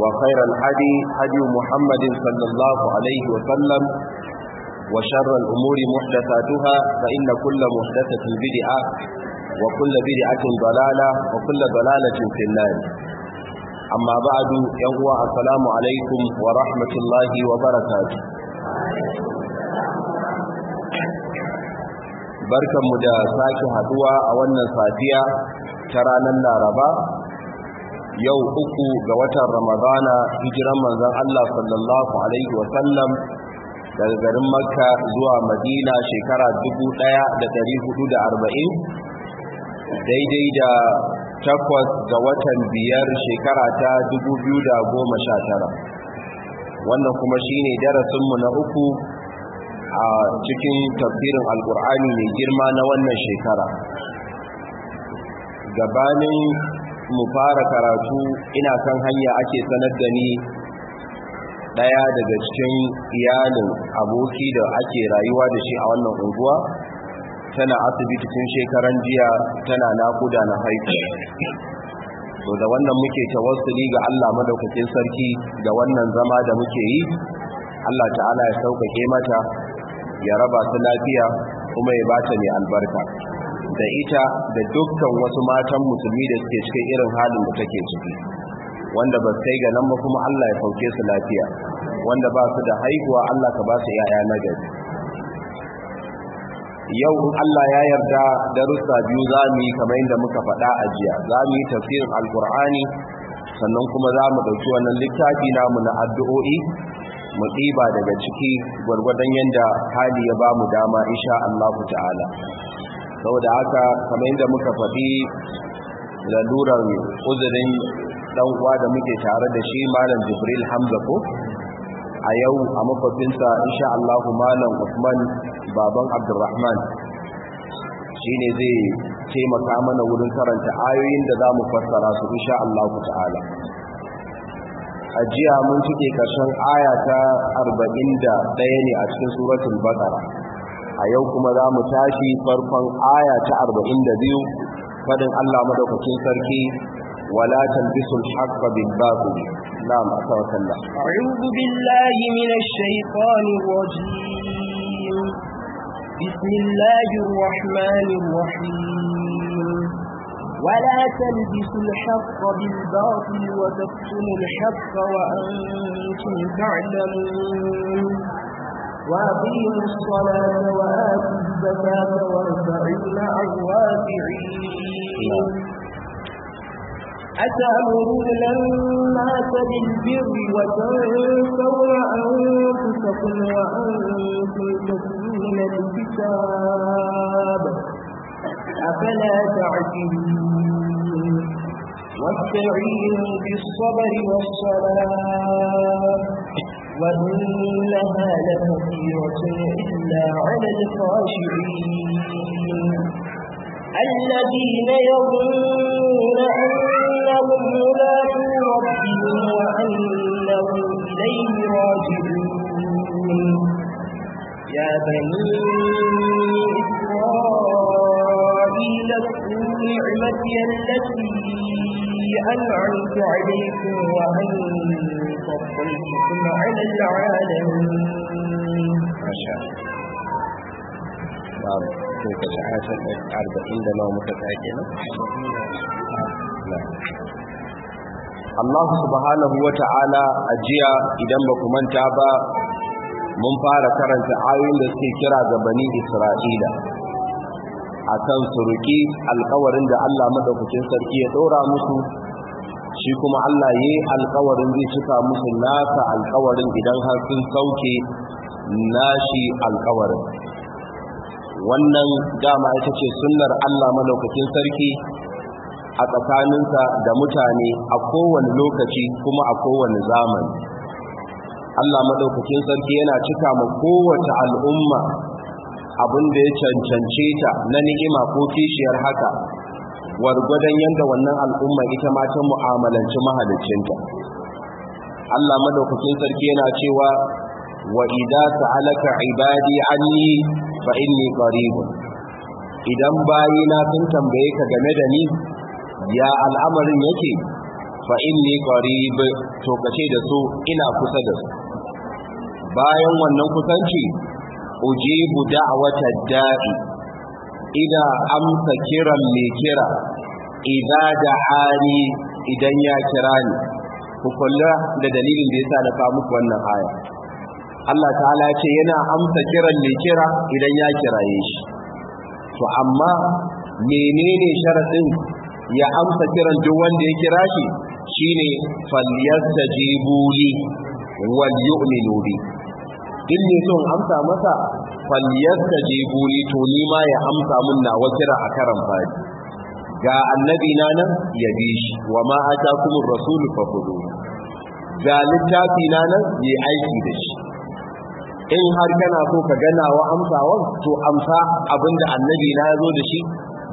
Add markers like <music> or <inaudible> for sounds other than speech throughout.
وخير الحدي حدي محمد صلى الله عليه وسلم وشر الأمور محدثاتها فإن كل محدثة بدعة وكل بدعة ضلالة وكل ضلالة في النار أما بعد يهوى السلام عليكم ورحمة الله وبركاته barkanmu da sake haduwa a wannan safiya ta ranar laraba yau uku ga watan ramadana hijiran manzon Allah sallallahu alaihi sallam daga garin makka zuwa madina shekara 1440 daidai da takwas ga watan biyar shekara ta 2019 wannan kuma shine darasinmu na uku a cikin tafsirin alkur'ani mai girma na wannan shekara gabanin mu fara karatu ina kan hanya ake sanar da ni daya daga cikin iyalin aboki da ake rayuwa da shi a wannan unguwa tana asibiti tun shekaran jiya tana nakuda na haifi to da wannan muke tawassuli ga Allah madaukakin sarki ga wannan zama da muke yi Allah ta'ala ya sauƙaƙe mata ya raba ta lafiya kuma ya bata mai albarka da ita da dukkan wasu matan musulmi da suke cikin irin halin da take ciki wanda ba sai ga nan ba kuma Allah ya sauke su lafiya wanda ba su da haihuwa Allah ka ba su yaya na gari yau in Allah ya yarda darussa biyu za mu yi kamar yadda muka faɗa a jiya za mu yi tafsirin alkur'ani sannan kuma za mu ɗauki wannan littafi namu na addu'o'i mu ɗiba daga ciki gwargwadon yadda hali ya ba mu dama insha Allah ta'ala saboda haka kamar yadda muka faɗi lalurar uzurin dan uwa da muke tare da shi malam Jibril Hamza ko a yau a mafafinsa insha Allah malam Usman baban Abdulrahman shine zai taimaka mana wurin karanta ayoyin da za mu fassara su insha Allah ta'ala a jiya mun cike karshen aya ta 41 ne a cikin suratul baqara a yau kuma za mu tashi farkon aya ta 42 fadin Allah madaukakin sarki wala tanbisul haqq bil batil na'am atawakkalna a'udhu billahi minash shaitanir rajim bismillahir rahmanir rahim wala tanbisul haqq bil batil wa بالباطل haqq wa antum ta'lamun وأقيم الصلاة وآتي الزكاة واركعوا إلى الراكعين أتأمرون الناس بالبر وتنسون أنفسكم وأنتم تتلون الكتاب أفلا تعجلون واستعينوا بالصبر والصلاة وإنها لكثيرة إلا على الخاشعين الذين يظنون أنهم ملاقو ربهم وأنهم إليه راجعون يا بني إسرائيل اذكروا نعمتي التي أنعمت عليكم وأن فضلتكم على العالمين ما شاء الله نعم تلك العاشر أربعين لما متفاكلة Allah subhanahu wa ta'ala a jiya idan ba ku manta ba mun fara karanta ayoyin da suke kira ga bani Isra'ila akan suruki alkawarin da Allah madaukakin sarki ya dora musu shi kuma Allah ya yi alkawarin zai cika musu nasa alkawarin idan har sun sauke nashi alkawarin wannan dama ita ce sunnar Allah madaukakin sarki a tsakaninsa da mutane a kowane lokaci kuma a kowane zamani Allah madaukakin sarki yana cika ma kowace al'umma abin da ya cancance ta na ni'ima ko kishiyar haka wargwadon yadda wannan al'umma ita ma ta mu'amalanci mahalicinta Allah madaukakin sarki yana cewa wa idza ta'alaka ibadi anni fa inni qarib idan bayina sun tambaye ka game da ni ya al'amarin yake fa inni qarib to kace da su ina kusa da su bayan wannan kusanci ujibu da'wata da'i ina amsa kiran mai kira idan da hali idan ya kira ni ku kula da dalilin da yasa na kawo wannan haya. Allah ta'ala ce yana amsa kiran mai kira idan ya kiraye shi to amma menene sharadin ya amsa kiran duk wanda ya kira shi shine falyastajibu li wal yu'minu bi in ne son amsa masa falyasta jibu ni to ni ma ya amsa mun na wakira a karan fadi ga annabi na nan ya bi shi wa ma ata kuma rasulu fa kudu ga littafi na nan ya aiki da shi in har kana so ka gana wa amsawan to amsa abinda annabi na ya zo da shi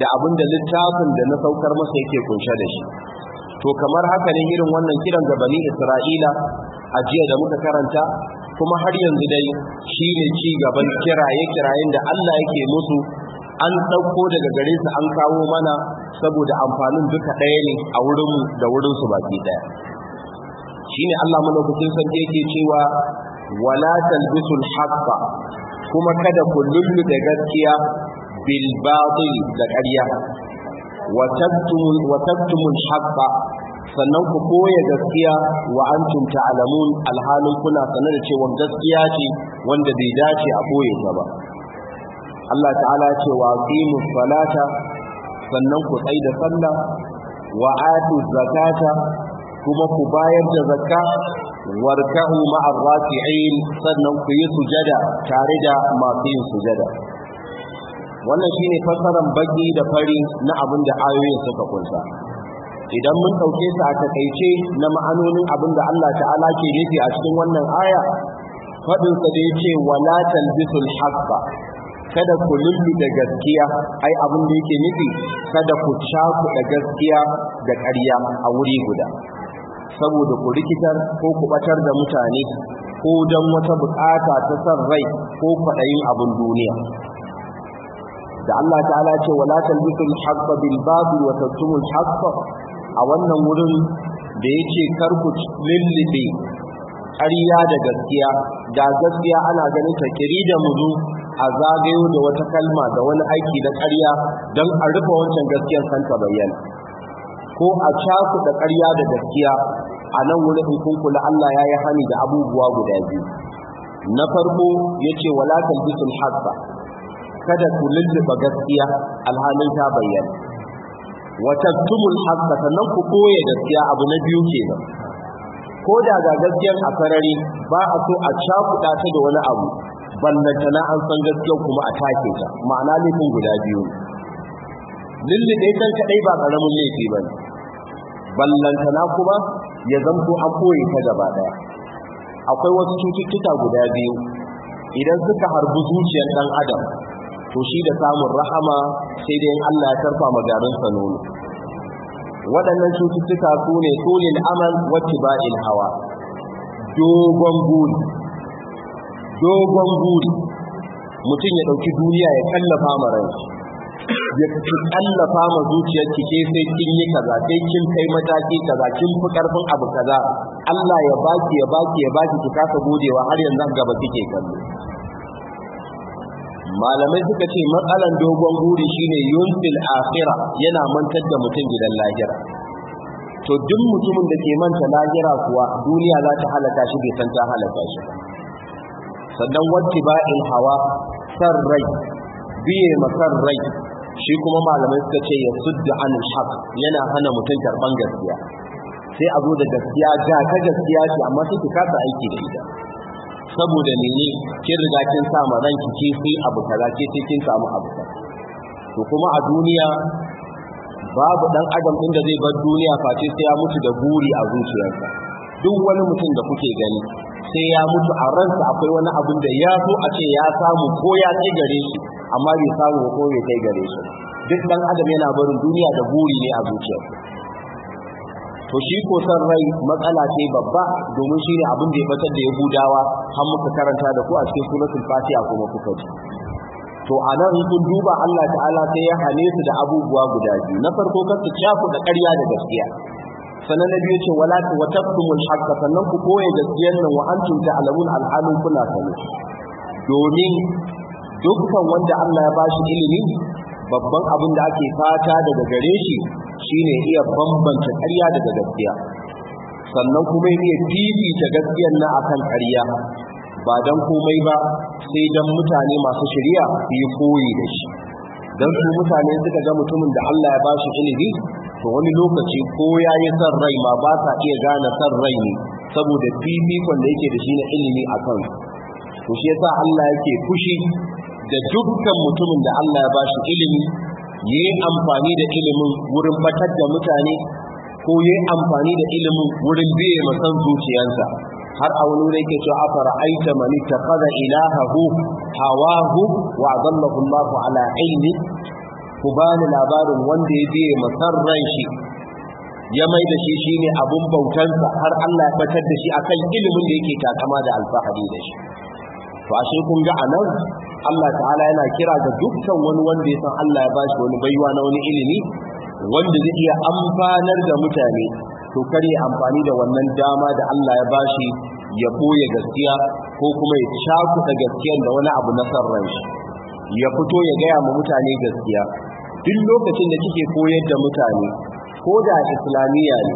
da abinda littafin da na saukar masa yake kunshe da shi to kamar haka ne irin wannan kiran ga bani isra'ila a jiya da muka karanta kuma har yanzu dai shi ne ci gaban kiraye-kirayen da Allah yake musu an ɗauko daga gare su an kawo mana saboda amfanin duka ɗaya ne a wurinmu da wurinsu baki ɗaya shi ne Allah malaukakin sarki yake cewa wala talbisul haqqa kuma kada ku lullu da gaskiya bil batil da ƙarya wa taktumul haqqa sannan ku koya gaskiya wa antum ta'lamun alhalin kuna sanar da cewa gaskiya ce wanda bai dace a koye ta ba Allah ta'ala ce wa aqimus salata sannan ku da sallah wa atu zakata kuma ku bayar da zakka warka'u ma'ar rafi'in sannan ku yi sujada tare da masu yin sujada wannan shine fassaran baki da fari na abin da ayoyin suka kunsa idan mun ɗauke su a takaice na ma'anonin abin da Allah ta'ala ke nufi a cikin wannan aya Faɗin da ya ce wala talbisul haqqa kada ku da gaskiya ai abin da yake nufi kada ku caku da gaskiya da ƙarya a wuri guda saboda ku rikitar ko ku batar da mutane ko don wata bukata ta san rai ko kwaɗayin abin duniya da Allah ta'ala ce wala talbisul haqqa bil batil wa taktumul haqqa a wannan wurin da ya ce karku lullube ƙarya da gaskiya ga gaskiya ana ganin ta kiri da muzu a zagayo da wata kalma da wani aiki na ƙarya don a rufe wancan gaskiyar san ta bayyana ko a caku da ƙarya da gaskiya a nan wurin in kun kula Allah ya yi hani da abubuwa guda biyu na farko ya ce wala talbisul hasa kada ku lullube gaskiya alhalin ta bayyana Wata tumul haqqa sannan ku koye gaskiya abu na biyu ke ba. ko da ga gaskiyar a sarari ba a so a cakuɗa ta da wani abu ballanta na an san gaskiyar kuma a take ta ma'ana laifin guda biyu lulluɗe kan kaɗai ba ƙaramin laifi ba ballanta na kuma ya zamto a koye ta gaba ɗaya akwai wasu cututtuka guda biyu idan suka harbi zuciyar ɗan adam to shi da samun rahama sai dai Allah ya karfa magarin sa nono waɗannan cututtuka su ne tulil amal wacce ba'il hawa dogon buri dogon buri mutum ya ɗauki duniya ya kallafa ma ranshi ya kallafa ma zuciyar ke sai kin yi kaza sai kin kai mataki kaza kin fi karfin abu kaza Allah ya baki ya baki ya baki ki kasa godewa har yanzu gaba kike kallo malamai suka ce matsalan dogon guri shine yunfil akhira yana mantar da mutum gidan lahira to duk mutumin da ke manta lahira kuwa duniya za ta halaka shi bai san ta halaka shi sannan wattiba'il hawa san rai biye masan rai shi kuma malamai suka ce ya sudda an haq yana hana mutum karban gaskiya sai a zo da gaskiya ga ta gaskiya ce amma sai ka kasa aiki da ita saboda mene kin riga kin sa ma ranki ke sai abu kaza ke sai kin samu abu to kuma a duniya babu dan adam da zai bar duniya face sai ya mutu da buri a zuciyarsa duk wani mutum da kuke gani sai ya mutu a ransa akwai wani abin da ya so a ce ya samu ko ya kai gare shi amma bai samu ko bai kai gare shi duk dan adam yana barin duniya da buri ne a zuciyarsa to shi ko san rai matsala ce babba domin shi ne abin da ya batar da ya budawa har muka karanta da ku a cikin suratul fatiha kuma kuka ji to a nan sun duba Allah ta'ala sai ya hane su da abubuwa guda biyu na farko kar su cafu da ƙarya da gaskiya sannan na biyu ce wala ta watabtumul haqqa sannan ku koye gaskiyar nan wa antum alamun alhalun kuna sani domin dukkan wanda Allah ya bashi ilimi babban abin da ake fata daga gare shi shine iya bambanta ƙarya daga gaskiya sannan kuma iya ta gaskiya na akan ƙarya ba don komai ba sai don mutane masu shirya su yi koyi da shi don su mutane suka ga mutumin da Allah ya bashi ilimi to wani lokaci ko ya yi san rai ma ba sa iya gane san rai ne saboda fifikon da yake da shi na ilimi a kan to shi yasa Allah yake fushi da dukkan mutumin da Allah ya bashi ilimi ya yi amfani da ilimin wurin batar da mutane ko ya yi amfani da ilimin wurin biye masan zuciyarsa har a wani wurin ke cewa afara aita mani ta kada ilahahu hawahu wa adallahu Allah ala ilmi ku bani labarin wanda ya biye masan ran shi ya mai da shi shine abun bautansa har Allah ya batar da shi akan ilimin da yake takama da alfahari da shi to ashe kun ga anan Allah ta'ala yana kira ga dukkan wani wanda ya san Allah ya bashi wani baiwa na wani ilimi wanda zai iya amfanar da mutane to kare amfani da wannan dama da Allah ya bashi ya boye gaskiya ko kuma ya cakuɗa gaskiyar da wani abu na san ran shi ya fito ya gaya ma mutane gaskiya duk lokacin da kike koyar da mutane ko da islamiyya ne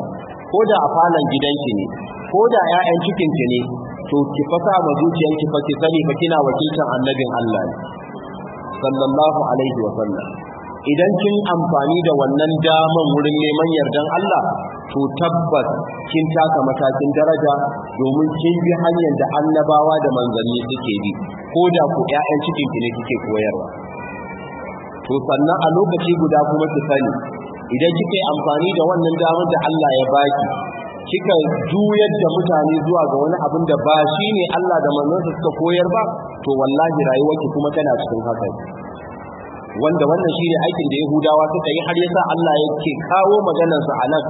ko da a falon gidanki ne ko da 'ya'yan cikinki ne to ki fasa ma zuciyar ki fa ki sani fa kina wakilcin annabin Allah ne sallallahu alaihi wa sallam idan kin amfani da wannan daman wurin neman yardan Allah to tabbas kin taka matakin daraja domin kin bi hanyar da annabawa da manzanni suke bi ko da ku ƴaƴan cikin ki ne kike koyarwa to sannan a lokaci guda kuma ki sani idan kike amfani da wannan damar da Allah ya baki kika juyar da mutane zuwa ga wani abin da ba shi ne Allah da manzansa suka koyar ba to wallahi rayuwarki kuma tana cikin haka wanda wannan shi ne aikin da yahudawa suka yi har yasa Allah yake kawo maganarsa a nan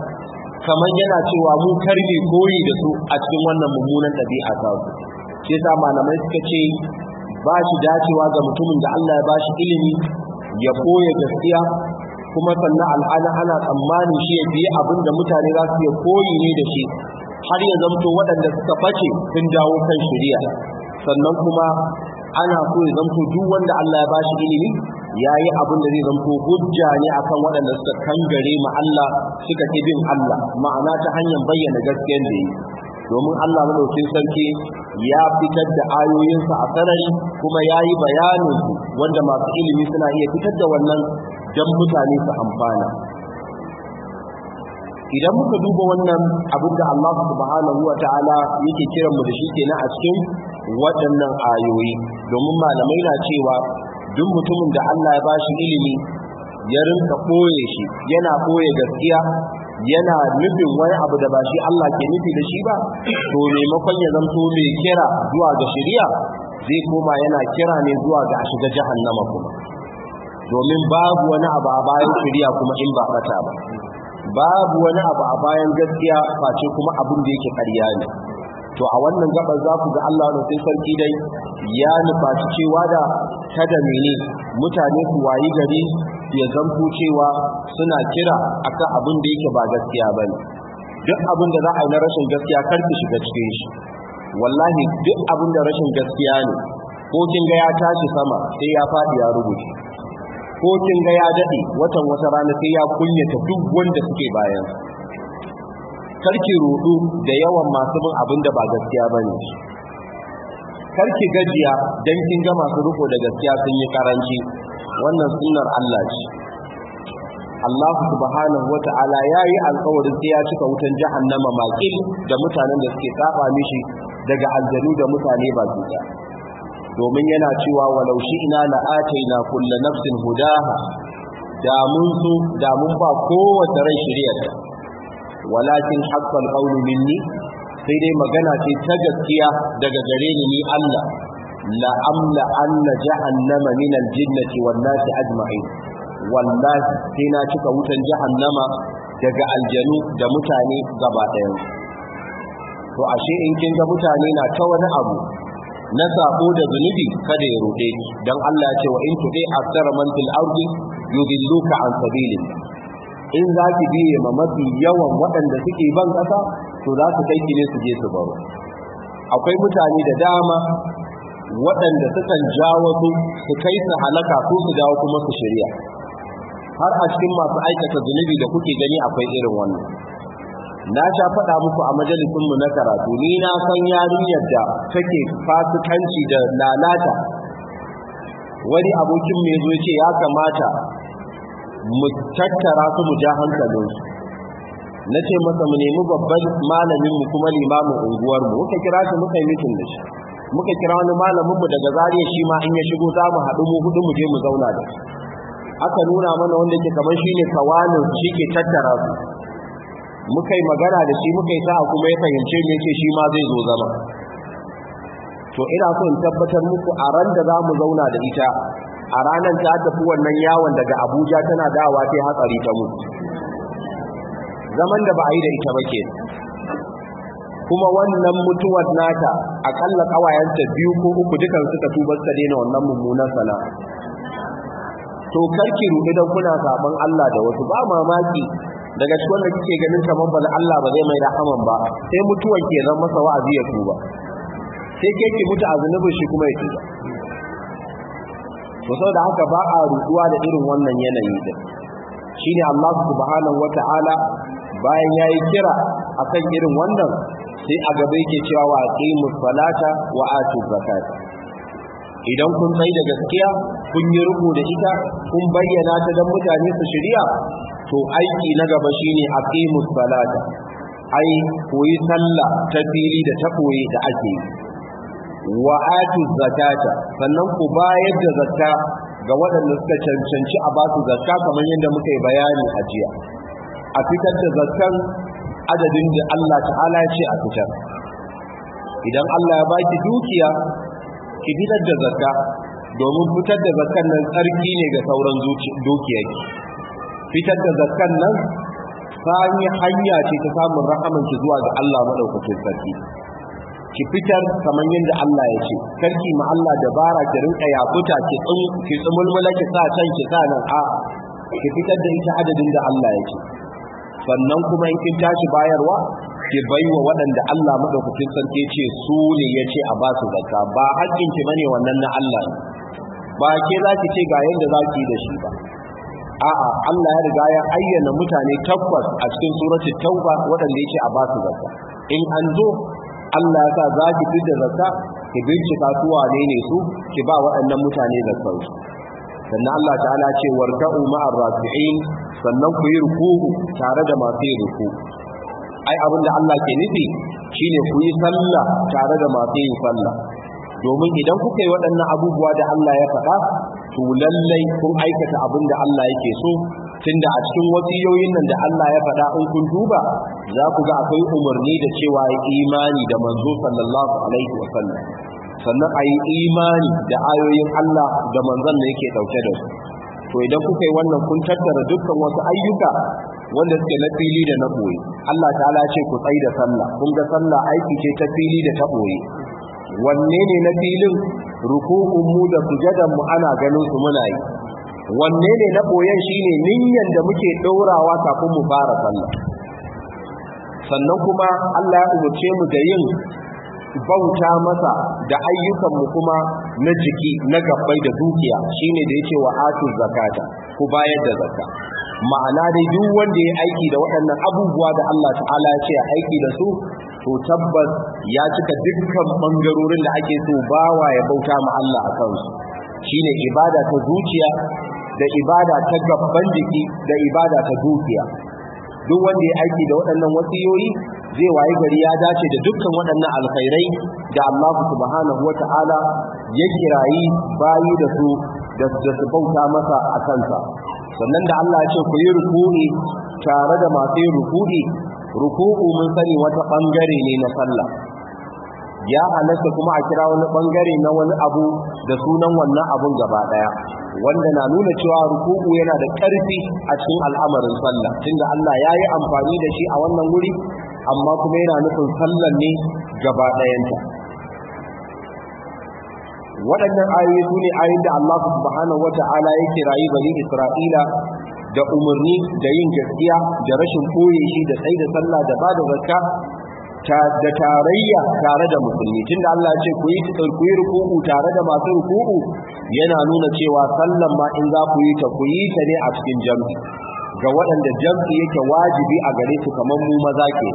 kamar yana cewa mu karbe koyi da su a cikin wannan mummunan ɗabi'a ta su shi yasa malamai suka ce ba shi dacewa ga mutumin da Allah ya ba shi ilimi ya koya gaskiya kuma sannan al'ada ana tsammanin shi ya biye abin da mutane za su iya koyi ne da shi har ya zamto waɗanda suka face sun dawo kan shari'a sannan kuma ana so ya zamto duk wanda Allah ya bashi ilimi ya yi abin da zai zamto hujja ne akan waɗanda suka kangare ma Allah suka ki bin Allah ma'ana ta hanyar bayyana gaskiyar da yi domin Allah madaukin sarki ya fitar da ayoyinsa a sarari kuma ya yi bayanin wanda masu ilimi suna iya fitar da wannan don mutane su amfana idan muka duba wannan abin da Allah subhanahu wa ta'ala yake kiran mu da shi kenan a cikin waɗannan ayoyi domin malamai na cewa duk mutumin da Allah ya bashi ilimi ya rinka koye shi yana koye gaskiya yana nufin wani abu da ba shi Allah ke nufi da shi ba to maimakon ya zanto mai kira zuwa ga shari'a zai koma yana kira ne zuwa ga shiga jahannama kuma domin babu wani abu a bayan shirya kuma in ba fata ba babu wani abu a bayan gaskiya face kuma abin da yake ƙarya ne to a wannan gabar za ku ga Allah ne sai sarki dai ya nufaci cewa da kada mene mutane ku wayi gari ya zanku cewa suna kira akan abin da yake ba gaskiya ba ne. duk abin da za a yi na rashin gaskiya kar ki shiga cikin shi wallahi duk abin da rashin gaskiya ne ko kin ga ya tashi sama sai ya faɗi ya rubuta. ko kin ga ya dade watan wata rana sai ya kunyata duk wanda suke bayan karki rudu da yawan masu bin abin da ba gaskiya bane karki gajiya dan kin ga masu ruko da gaskiya sun yi karanci wannan sunnar Allah ce Allah subhanahu wata'ala yayi alƙawarin sai ya cika wutan jahannama maƙil da mutanen da suke saba mishi daga aljanu da mutane ba su domin yana cewa walau shi ina la'ataina kullu nafsin hudaha da mun so ba kowace rai shiriyar walakin haqqal qawlu minni sai dai magana ce ta gaskiya daga gare ni ni Allah la amla anna jahannama min aljinnati wan nasi ajma'in wallahi sai na cika wutan jahannama daga aljanu da mutane gaba ɗaya to ashe in kin ga mutane na ta wani abu na saƙo da zunubi kada ya rude don Allah ce wa in tudi asara man fil ardi yudilluka an sabili in za ki biye ma mafi yawan waɗanda suke ban ƙasa to za su kai ki ne su je su baro akwai mutane da dama waɗanda sukan ja wasu su kai su halaka ko su dawo kuma su shirya har a cikin masu aikata zunubi da kuke gani akwai irin wannan na sha faɗa muku a majalisinmu na karatu ni na san yarinyar da take fasikanci da lalata wani abokin mai zo ce ya kamata mu tattara su mu ja hankalinsu na ce masa mu nemi babban malaminmu kuma limamin unguwarmu muka kira shi muka yi mitin da shi muka kira wani malaminmu daga zariya shi ma in ya shigo za mu haɗu mu hudu mu je mu zauna da shi aka nuna mana wanda ke kamar shine ne kawalin shi ke tattara su muka yi magana da shi muka yi sa'a kuma ya fahimce me ke, shi ma zai zo zama to ina so in tabbatar muku a ran da za mu zauna da ita a ranar ta tafi wannan yawon daga abuja tana dawa ta hatsari ta mutu zaman da ba a yi da ita ba ke kuma wannan mutuwar nata akalla kawayenta biyu ko uku dukan suka tuba su daina wannan mummunan sana to karki ruɗu don kuna saban Allah da wasu ba mamaki daga cikin wanda kike ganin kamar ba Allah ba zai mai da aman ba sai mutuwa ke zan masa wa'azi ya tuba sai ke ki mutu a zunubin shi kuma ya tuba to saboda haka ba a rutuwa da irin wannan yanayi shi shine Allah subhanahu wataala bayan yayi kira akan irin wannan sai a gaba yake cewa wa aqimus salata wa atuz zakata idan kun tsaye da gaskiya kun yi rubu da ita kun bayyana ta don mutane su shirya to aiki na gaba shine ke salata ai koyi sallah ta fili da ta koyi da ake wa atu zakata sannan ku bayar da zakka ga waɗanda suka cancanci a basu zakka kamar yadda muka yi bayani a jiya a fitar da zakkan adadin da Allah ta'ala ya ce a fitar idan Allah ya baki dukiya ki fitar da zakka domin fitar da zakkan nan tsarki ne ga sauran dukiya ki fitar da zakkan nan Sani hanya ce ta samun ki zuwa ga Allah madaukakin sarki ki fitar kamar yadda Allah ya ce karki ma Allah dabara ki rinka yakuta ki tsun ki tsumulmula ki sa can ki sa nan a ki fitar da ita adadin da Allah ya ce sannan kuma in kin tashi bayarwa ki baiwa waɗanda Allah madaukakin sarki ce su ne ya ce a ba su zakka ba haƙƙin ki bane wannan na Allah ne ba ke za ki ce ga yanda za ki da shi ba a'a Allah ya riga ya ayyana mutane tabbas a cikin surati tauba waɗanda yake a ba su zakka in an zo Allah ya sa za ki da zakka ki bincika su wane ne su ki ba waɗannan mutane zakkar sannan Allah ta'ala ce warka'u ma'ar rafi'in sannan ku yi ruku'u tare da masu yi ruku'u ai abin da Allah ke nufi shine ku yi sallah tare da masu yin sallah domin idan kuka yi waɗannan abubuwa da Allah ya faɗa to lallai kun aikata abin da Allah yake so tunda a cikin wasiyoyin nan da Allah ya faɗa in kun duba za ku ga akwai umarni da cewa imani da manzo sallallahu alaihi wa sallam sannan a yi imani da ayoyin Allah da manzon da yake ɗauke da su to idan kuka yi wannan kun tattara dukkan wasu ayyuka wanda suke na fili da na boye Allah ta'ala ce ku tsayi da sallah kun ga sallah aiki ce ta fili da ta boye wanne ne na filin rukukun mu da sujadan mu ana ganin su muna yi wanne ne na boyen shine niyyar da muke ɗaurawa kafin mu fara sallah sannan kuma Allah ya umarce mu da yin bauta masa da ayyukan mu kuma na jiki na gabbai da dukiya shine da yake wa atu zakata ku bayar da zakka ma'ana dai duk wanda ya aiki da waɗannan abubuwa da Allah ta'ala ya ce aiki da su to tabbas ya cika dukkan bangarorin da ake so bawa ya bauta ma Allah a kansu shine ibada ta zuciya da ibada ta gaban jiki da ibada ta zuciya. duk wanda ya aiki da waɗannan wasiyoyi zai wayi gari ya dace da dukkan waɗannan alkhairai da Allah subhanahu wata'ala ya kirayi bayi da su da su bauta masa a kansa sannan da Allah ya ce ku yi ruku'i tare da masu yin rukuni, ruku'u mun sani wata bangare ne na sallah ya halatta kuma a kira wani bangare na wani abu da sunan wannan abun gaba daya wanda na nuna cewa ruku'u yana da ƙarfi a cikin al'amarin sallah tunda Allah ya yi amfani da shi a wannan wuri amma kuma yana nufin Sallah ne gaba waɗannan ayoyi su ne ayoyin da Allah subhanahu wata'ala ya kirayi bani Isra'ila da umarni da yin gaskiya da rashin koye shi da tsaida sallah da da zakka da tarayya tare da musulmi tunda Allah ya ce ku yi ku yi ruku'u tare da masu ruku'u yana nuna cewa sallan ma in za ku yi ta ku yi ta ne a cikin jam'i ga waɗanda jam'i yake wajibi a gare su kamar mu maza ke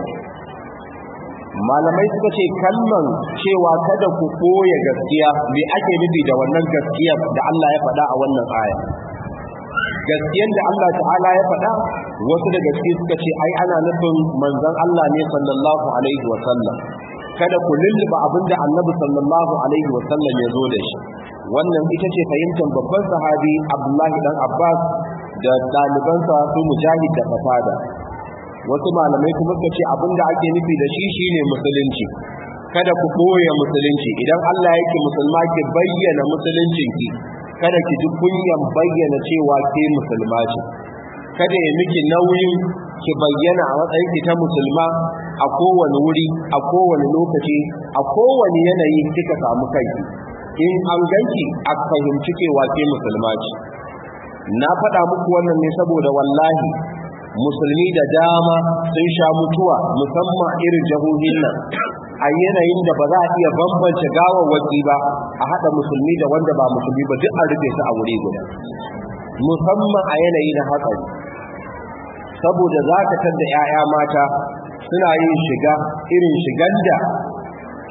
malamai suka ce kallon cewa kada ku koya gaskiya me ake nufi da wannan gaskiyar da Allah ya faɗa a wannan aya gaskiyar da Allah ta'ala ya faɗa wasu da gaskiya suka ce ai ana nufin manzon Allah ne sallallahu alaihi wa sallam kada ku lulluba abin da annabi sallallahu alaihi wa sallam ya zo da shi wannan ita ce fahimtar babban sahabi Abdullahi dan Abbas da ɗalibansa su mujahid da fada. wasu malamai kuma suka ce abinda ake nufi da shi shine musulunci kada ku ɓoye musulunci idan Allah yake musulma ki bayyana musuluncin ki, kada ki ji kunyan bayyana cewa ke musulma ce kada ya miki nauyin ki bayyana a matsayin ki ta musulma a kowane wuri a kowane lokaci a kowane yanayi kika samu kanki in an ganki a fahimci cewa ke musulma ce na faɗa muku wannan ne saboda wallahi musulmi da dama sun sha mutuwa musamman irin jahohin nan a yanayin da ba za a iya bambance gawawwaki ba a haɗa musulmi da wanda ba musulmi ba duk a rufe su a wuri guda musamman a yanayi na hatsari saboda za ka canza 'ya'ya mata suna yin shiga irin shigan da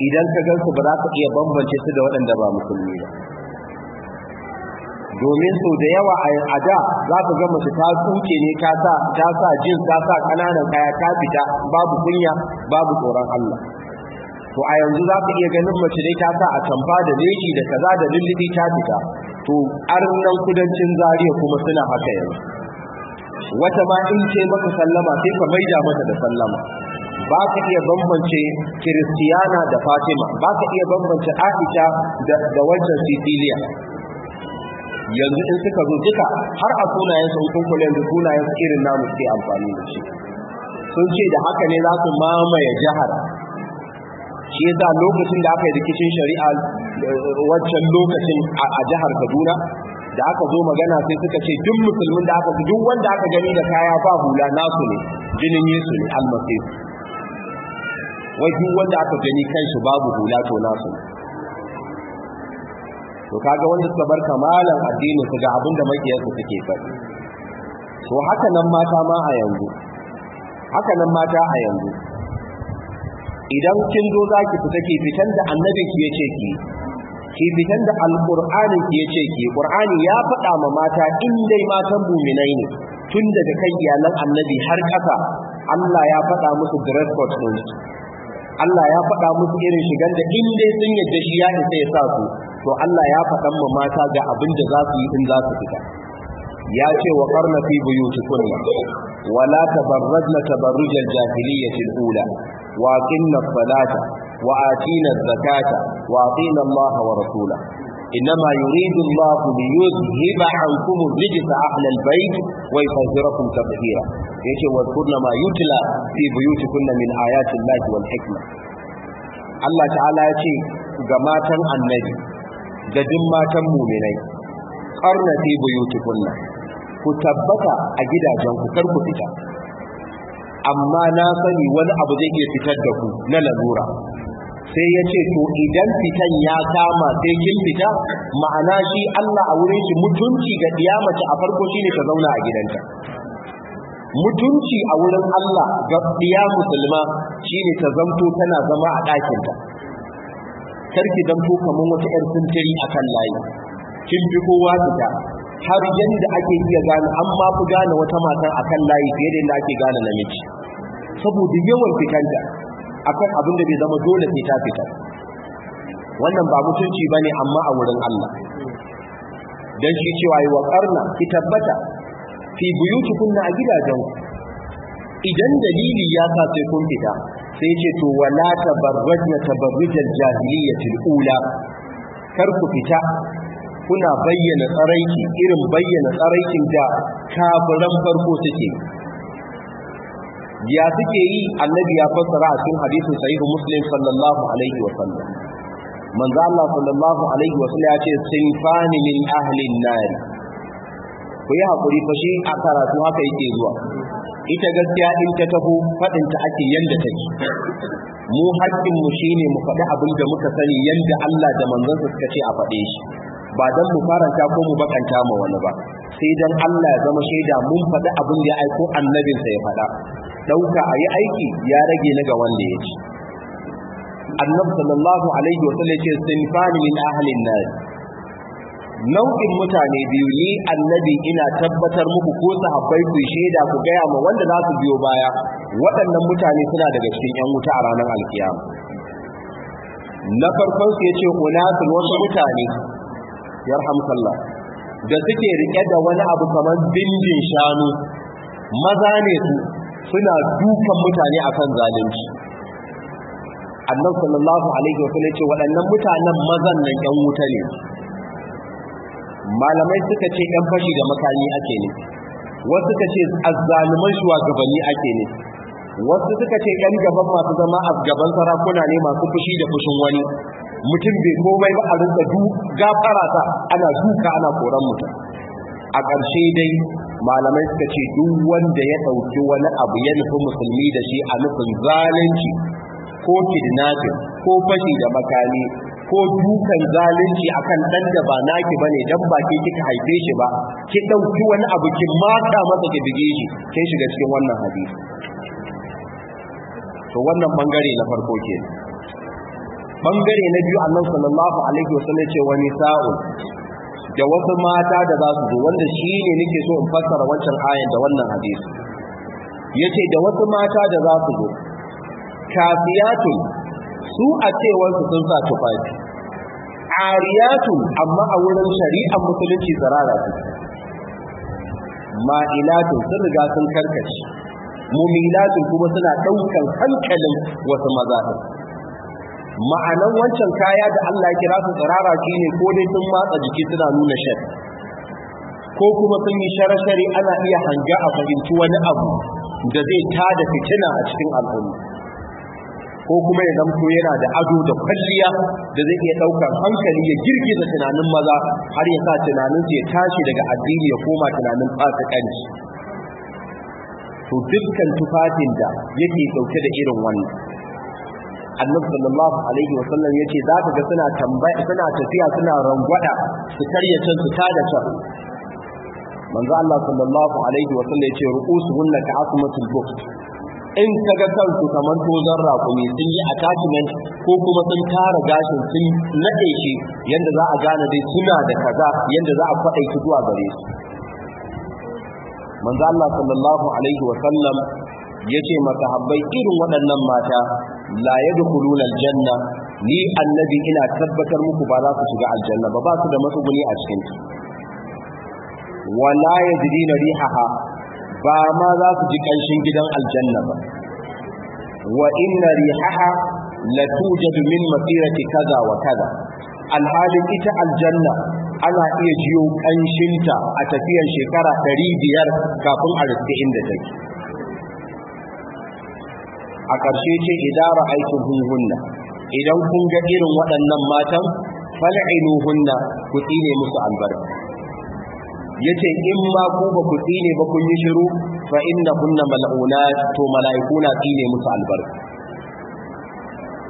idan ka gansu ba za ka iya bambance su da waɗanda ba musulmi ba domin sau da yawa a da za ka ga mace ta tsuke ne ta sa ta sa jin ta sa kananan kaya ta fita babu kunya babu tsoron Allah to a yanzu za ka iya ganin mace dai ta sa a tamfa da leki da kaza da lullubi ta fita to arnan kudancin zariya kuma suna haka yanzu wata ma in ce maka sallama sai ka maida mata da sallama ba ka iya bambance kiristiyana da fatima ba ka iya bambance aisha da wancan sicilia yanzu in suka zo duka har a sunayen su kun kula yanzu sunayen su irin namu sai amfani da shi sun ce da haka ne za su mamaye jihar shi da lokacin da aka yi rikicin shari'a waccan lokacin a jihar Kaduna da aka zo magana sai suka ce duk musulmin da aka duk wanda aka gani da kaya ba hula nasu ne jinin Yesu ne almasai wai duk wanda aka gani kansu babu hula to nasu ne to kaga wanda suka bar kamalan addini su ga abin da makiyansu suke faɗi to haka nan mata ma a yanzu haka nan mata a yanzu idan kin zo zaki fita ki fitan da annabi ki yace ki ki fitan da alqur'ani ki yace ki qur'ani ya faɗa ma mata in dai matan mu'minai ne tun daga kan iyalan annabi har kasa Allah ya faɗa musu dress code din Allah ya faɗa musu irin shigar da in dai sun yadda shi ya isa ya sa su to Allah ya faɗan mu mata ga abin da za su yi in za su fita ya ce wa qarna fi buyutikunna wa la tabarrajna tabarrujal jahiliyyatil ula wa qinna salata wa atina zakata wa atina Allah wa rasula إنما يريد الله ليذهب عنكم الرجس أهل البيت ويطهركم تطهيرا يجي واذكرن ما يتلى في بيوتكن من آيات الله والحكمة Allah ta'ala ya ce ga matan annabi ga duk matan muminai qarna fi kunna. ku tabbata a gidajen ku kar ku fita amma na sani wani abu zai ke fitar da ku na lalura sai ya ce to idan fitan ya kama sai kin fita ma'ana shi Allah a wurin shi mutunci ga mace a farko shine ta zauna a gidanta mutunci a wurin Allah ga diya musulma shine ta zanto tana zama a ɗakinta karki ku kaman wata yar sintiri akan layi kin fi kowa fita har yadda ake iya gane an ma fi gane wata mata akan layi fiye da yadda ake gane namiji saboda yawan fitanta akan abin da bai zama dole sai ta fita wannan ba mutunci bane amma a wurin Allah dan shi cewa yi wa karna ki tabbata fi buyutukunna a gidajenku idan dalili ya sa sai kun fita sai ce to wala tabarrajna tabarrujal jahiliyyatil ula kar ku fita kuna bayyana tsaraiki irin bayyana tsaraikin da kafiran farko suke ya suke yi annabi ya fassara a cikin hadisin sahihu muslim sallallahu alaihi wa sallam manzo Allah sallallahu alaihi wa sallam ya ce sinfani min ahli an-nar ku yi hakuri fa shi a karatu haka yake zuwa ita gaskiya in ta taho faɗin ta ake yanda take mu haƙƙin mu shine mu faɗi abin da muka sani yanda Allah da manzansa suka ce a faɗe shi ba dan mu faranta ko mu bakanta ma wani ba sai dan Allah ya zama shaida mun faɗi abin da ya aiko annabinsa ya faɗa dauka ayi aiki ya rage na ga wanda ya ci annabi sallallahu alaihi wa sallam ya ce sinfani min ahli nar nau'in mutane biyu ni annabi ina tabbatar muku ko sahabbai ku shaida ku gaya ma wanda za su biyo baya waɗannan mutane suna daga cikin yan wuta a ranar alkiyama na farkon su yace unatul wasu mutane yarhamukallah da suke rike da wani abu kamar dindin shanu maza ne su suna dukan mutane akan zalunci annabi sallallahu alaihi wasallam ya ce waɗannan mutanen mazan nan yan wuta ne malamai suka ce ɗan fashi da makami ake ne wasu suka ce azzaluman shugabanni ake ne wasu suka ce ɗan gaban masu zama a gaban sarakuna ne masu fushi da fushin wani mutum bai komai ba a rinka du gafara ta ana duka ana koran mutum a ƙarshe dai malamai suka ce duk wanda ya ɗauki wani abu ya nufi musulmi da shi a nufin zalunci ko kidnapping ko fashi da makami ko dukan zalunci akan dan da ba naki bane dan ba ke kika haife shi ba ki dauki wani abu ki mata masa ki dige shi kin shiga cikin wannan hadisi to wannan bangare na farko ke bangare na biyu annabi sallallahu alaihi wasallam ce wani sa'un da wasu mata da za su zo wanda shi ne nake so in fassara wancan ayan da wannan hadisi yace da wasu mata da za su zo kafiyatun su a cewarsu sun sa tufafi ariyatu amma a wurin shari'ar musulunci zarara su ma'ilatu sun riga sun karkace mumilatu kuma suna ɗaukan hankalin wasu maza ma'anan wancan kaya da Allah ya kira su tsirara ne ko dai sun matsa jiki suna nuna shan. ko kuma sun yi shara-shari ana iya hanga a fahimci wani abu da zai tada fitina a cikin al'umma ko kuma ya zamto yana da ado da kwalliya da zai iya ɗaukar hankali ya girgiza tunanin maza har ya sa tunanin ya tashi daga addini ya koma tunanin fasikanci to dukkan tufafin da yake dauke da irin wannan annabi sallallahu alaihi wa sallam yace za ka ga suna tambaya suna tafiya suna rangwada su karya can su tada can manzo Allah sallallahu alaihi wa sallam yace ru'usuhunna ka'asmatul bukht in ka ga kansu kamar tozon rakumi sun yi attachment ko kuma sun tara gashin sun naɗe shi yadda za a gane dai suna da kaza yadda za a faɗaiki zuwa gare su manzo Allah sallallahu alaihi wa sallam yace masahabbai irin waɗannan mata la yadkhuluna aljanna ni annabi ina tabbatar muku ba za ku shiga aljanna ba ba su da matsuguni a cikin ta wala yajidina rihaha ba ma za su ji ƙanshin gidan aljanna ba wa inna rihaha la tujadu min masirati kaza wa kaza alhali ita aljanna ana iya jiyo ƙanshinta a tafiyar shekara ɗari biyar kafin a rufe inda take a ƙarshe ce idara aikin hunhunna idan kun ga irin waɗannan matan fal'inuhunna ku tsine musu albarka yace in ma ku ba ku tsine ba kun yi shiru fa inna kunna mal'una to mala'iku na tsine musu albarka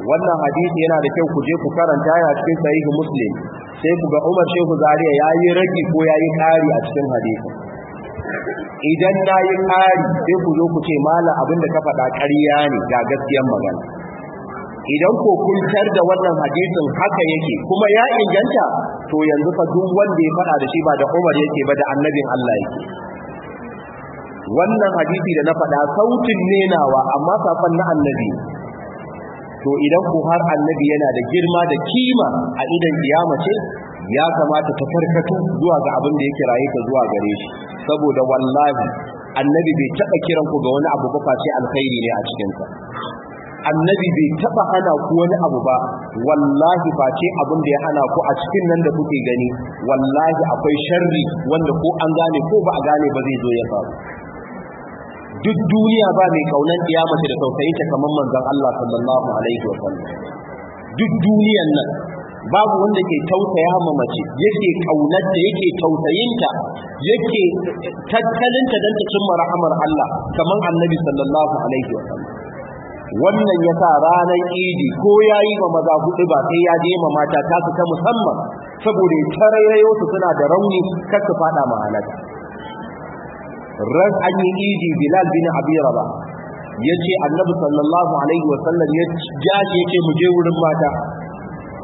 wannan hadisi yana da kyau ku je ku karanta ya cikin sahihu muslim sai ku ga Umar Shehu zariya yayi raki ko yayi kari a cikin hadisi idan nayi kari sai ku zo ku ce mala abinda ka faɗa ƙarya ne ga gaskiyar magana idan ko kun tar da wannan hadisin haka yake kuma ya inganta to yanzu fa duk wanda ya fada da shi ba da Umar yake ba da annabin Allah yake wannan hadisi da na fada sautin ne nawa amma safan na annabi to idan ko har annabi yana da girma da kima a idan kiyama ce ya kamata ta farkatu zuwa ga abin da yake raye zuwa gare shi saboda wallahi annabi bai taɓa kiran ku ga wani abu ba face alkhairi ne a cikinsa annabi bai taba hana ku wani abu ba wallahi ba ce abin da ya hana ku a cikin nan da kuke gani wallahi akwai sharri wanda ko an gane ko ba a gane ba zai zo ya faru duk duniya ba mai kaunan kiyamata da tausayin ta kamar manzon Allah sallallahu alaihi wa sallam duk duniyan nan babu wanda ke tausaya ma mace yake kaunarta yake tausayinta yake tattalinta don ta cimma rahamar Allah kamar annabi sallallahu alaihi wa sallam wannan ya sa ranar idi ko ya yi ma maza hudu ba sai ya je ma mata ta su ta musamman saboda ya tarairayo su suna da rauni kar su fada ma halaka ran an yi idi bilal bin abi ba, ya ce annabi sallallahu alaihi wasallam ya ya ce mu je wurin mata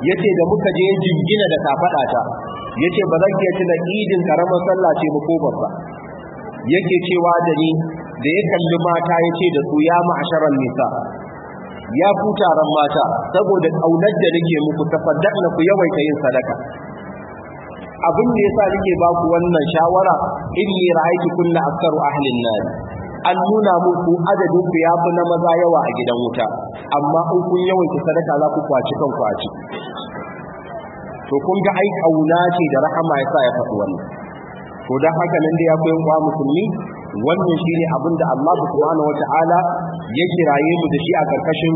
ya ce da muka je jingina da kafaɗa ta ya ce ba zan ke tuna idin karamar sallah ce ba ko babba yake cewa da ni da ya kalli mata ya ce da su ya ma'asharar nisa ya ku taron mata saboda kaunar da nake muku na ku yawaita yin sadaka abin da yasa nake ba ku wannan shawara ya ra'aytu kunna aktharu ahli an-nar an nuna muku adadin ku ya fi na maza yawa a gidan wuta amma in kun yawaita sadaka za ku kwaci kan kwaci to kun ga ai kauna ce da rahama yasa ya faɗi wannan to don haka nan da ya koyi musulmi wannan shine abin da Allah subhanahu wataala ya kiraye mu da shi a ƙarƙashin